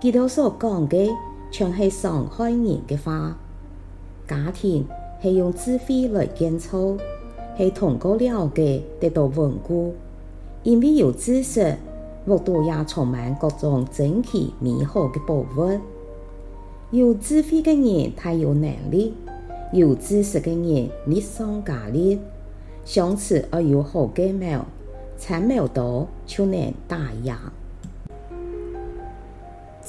絕大多數所講嘅，全係上海人嘅話。家庭係用智慧來建造，係通過了解得到穩固。因為有知識，屋度也充滿各種整齊美好的部分。有智慧嘅人，才有能力；有知識嘅人，人，力上加力。想此而又好嘅咩，差唔多就難打贏。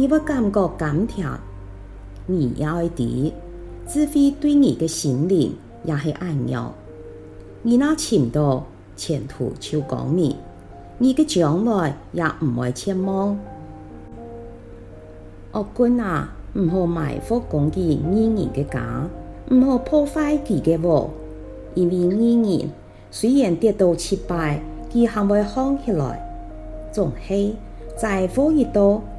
你不感覺甘甜也哀啲，只會對你的心靈也係愛弱。你那前途前途超光明，你的將來也唔會凄茫。惡棍啊，唔好埋伏攻擊義人嘅家，唔好破壞佢嘅窩，因為義人雖然跌到七擺，佢還會好起來，仲係財富越多。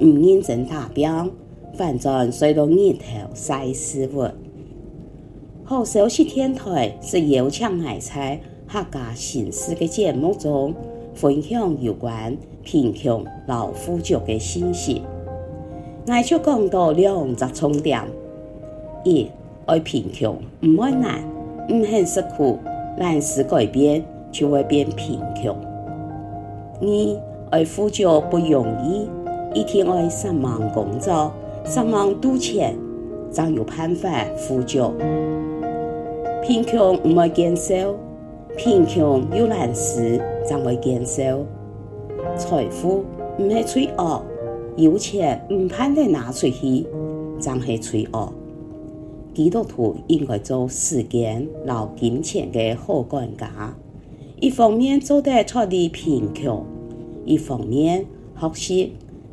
唔認真打標，反正隨到日頭曬死活。好，休息天台是邀請海菜客家形式嘅節目中，分享有關貧窮、老富足的信息，愛就講到兩則重點：一愛貧窮唔會難，唔肯食苦，難事改變就會變貧窮；二愛富就不容易。一天愛上忙工作，上忙賭錢，總有辦法富足。貧窮唔會減少，貧窮有難事才會減少。財富唔係罪惡，有錢唔怕你拿出去，真會罪惡。基督徒應該做時間撈金錢的好管家，一方面做待他的貧窮，一方面學習。